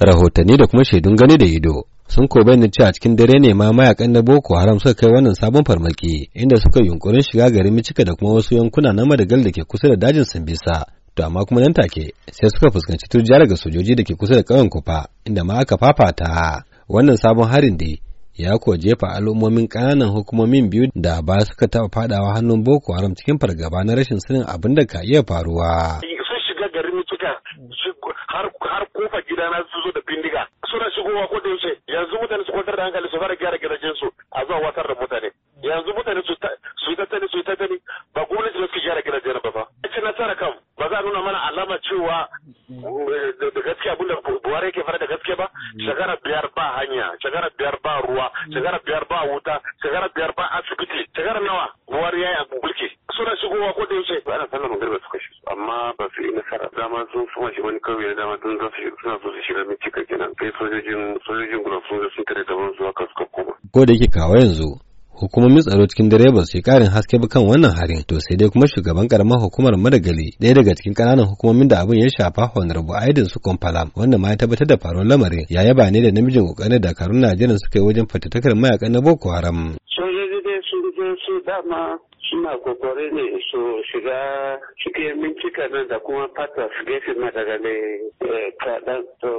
rahotanni da kuma shaidun gani da ido sun ko bayyana cewa cikin dare ne ma mayakan na Boko Haram suka kai wannan sabon farmaki inda suka yunkurin shiga garin Micika da kuma wasu yankuna na Madagal da ke kusa da dajin Sambisa to amma kuma nan take sai suka fuskanci turjiya daga sojoji da ke kusa da ƙauyen Kufa inda ma aka fafata wannan sabon harin dai ya ko jefa al'ummomin kananan hukumomin biyu da ba suka taɓa fadawa hannun Boko Haram cikin fargaba na rashin sanin abin da ka iya faruwa. mutane yanzu mutane su ta tani su ta tani ba gwamnati suke gyara gidajen ba fa ci nasara kam ba za a nuna mana alama cewa eh, da gaskiya abinda buhari yake fara da gaske ba shagara biyar ba hanya shagara biyar ba ruwa shagara biyar ba wuta shagara biyar ba asibiti shagara nawa buhari ya yi a mulki suna shigowa ko da yaushe ba ana sallar magana suka shi amma ba su yi nasara dama sun suma shi wani kauye dama sun za su suna so su shiga min cika kenan kai sojojin sojojin gudan sun ga sun tare da wani zuwa ka suka koma ko da yake kawo yanzu hukumomin tsaro cikin dare ba su yi karin haske ba kan wannan harin to sai dai kuma shugaban karamar hukumar madagali ɗaya daga cikin kananan hukumomin da abin ya shafa bu aidin su kumfala wanda ma ya tabbatar da faruwar lamarin ya yaba ne da namijin kokarin dakarun najeriya suka yi wajen fatattakar mayakan na boko haram sojoji dai sun je dama suna kokore ne su shiga cikin bincika nan da kuma fata su gefe na daga ne eh, kaɗan to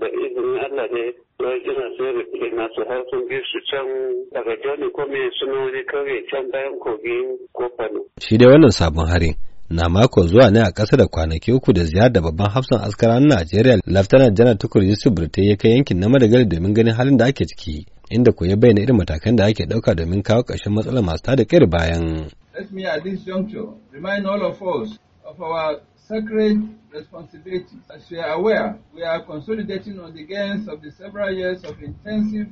da izinin Allah ne don ina sai rufe nasu har sun bi su can daga joni ko me suna wani kauye can bayan kogin kofano. Shi da wannan sabon harin na mako zuwa ne a ƙasa da kwanaki uku da ziyar da babban hafsan askaran Najeriya Laftanar Janar Tukur Yusuf Birte ya kai yankin na Madagali domin ganin halin da ake ciki. inda ku ya bayyana irin matakan da ake ɗauka domin kawo ƙarshen matsalar masu tada ƙir bayan. Let me at this juncture remind all of us of our sacred responsibilities. As you are aware, we are consolidating on the gains of the several years of intensive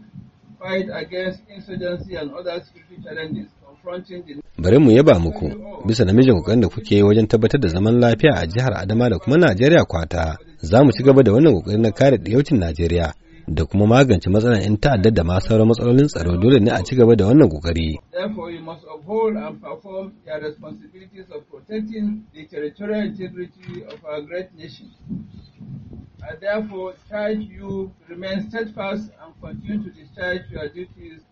fight against insurgency and other security challenges confronting Bari mu yaba muku bisa namijin kokarin da kuke wajen tabbatar da zaman lafiya a jihar Adama da kuma Najeriya kwata. Za mu ci gaba da wannan kokarin na kare diyaucin Najeriya da kuma magance matsalar 'yan ta'addar da ma sauran matsalolin tsaro dole ne a ci gaba da wannan kokari. I therefore charge you to remain steadfast and continue to discharge your duties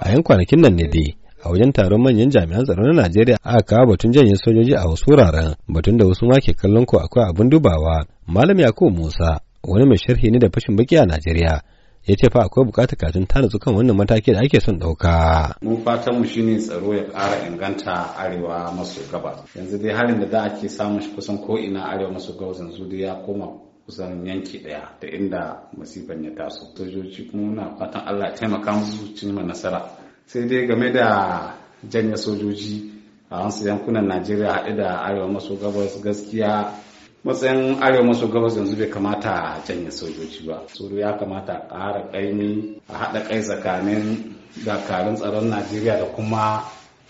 A yan kwanakin nan ne dai, a wajen taron manyan jami'an tsaro na Najeriya aka kawo batun janyen sojoji a wasu wuraren, batun da wasu ma ke kallon ko akwai abin dubawa. Malam Yakubu Musa wani mai sharhi ne da fashin baki a Najeriya ya ce fa akwai bukatar kafin ta nutsu kan wannan mataki da ake son ɗauka. Mun fatan mu shine tsaro ya ƙara inganta arewa maso gabas. Yanzu dai harin da za a ke samun shi kusan ko ina arewa maso gabas yanzu dai ya koma kusan yanki daya da inda masifan ya taso. Sojoji kuma muna fatan Allah ya taimaka musu cimma nasara. Sai dai game da janya sojoji a wasu yankunan Najeriya haɗe da arewa maso gabas gaskiya matsayin arewa maso gabas yanzu bai kamata a janye sojoji ba tsoro ya kamata a ƙara ƙaimi a haɗa kai tsakanin dakarun tsaron najeriya da kuma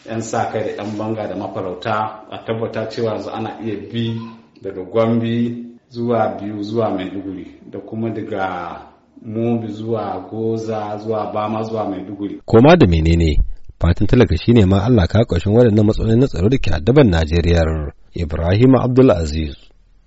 'yan sa kai da 'yan banga da mafarauta a tabbata cewa yanzu ana iya bi daga gwambi zuwa biyu zuwa maiduguri da kuma daga mubi zuwa goza zuwa bama zuwa maiduguri koma da menene fatan talaka shine ma allah ka ƙarshen waɗannan matsalolin na tsaro da ke addaban najeriya ibrahim abdulaziz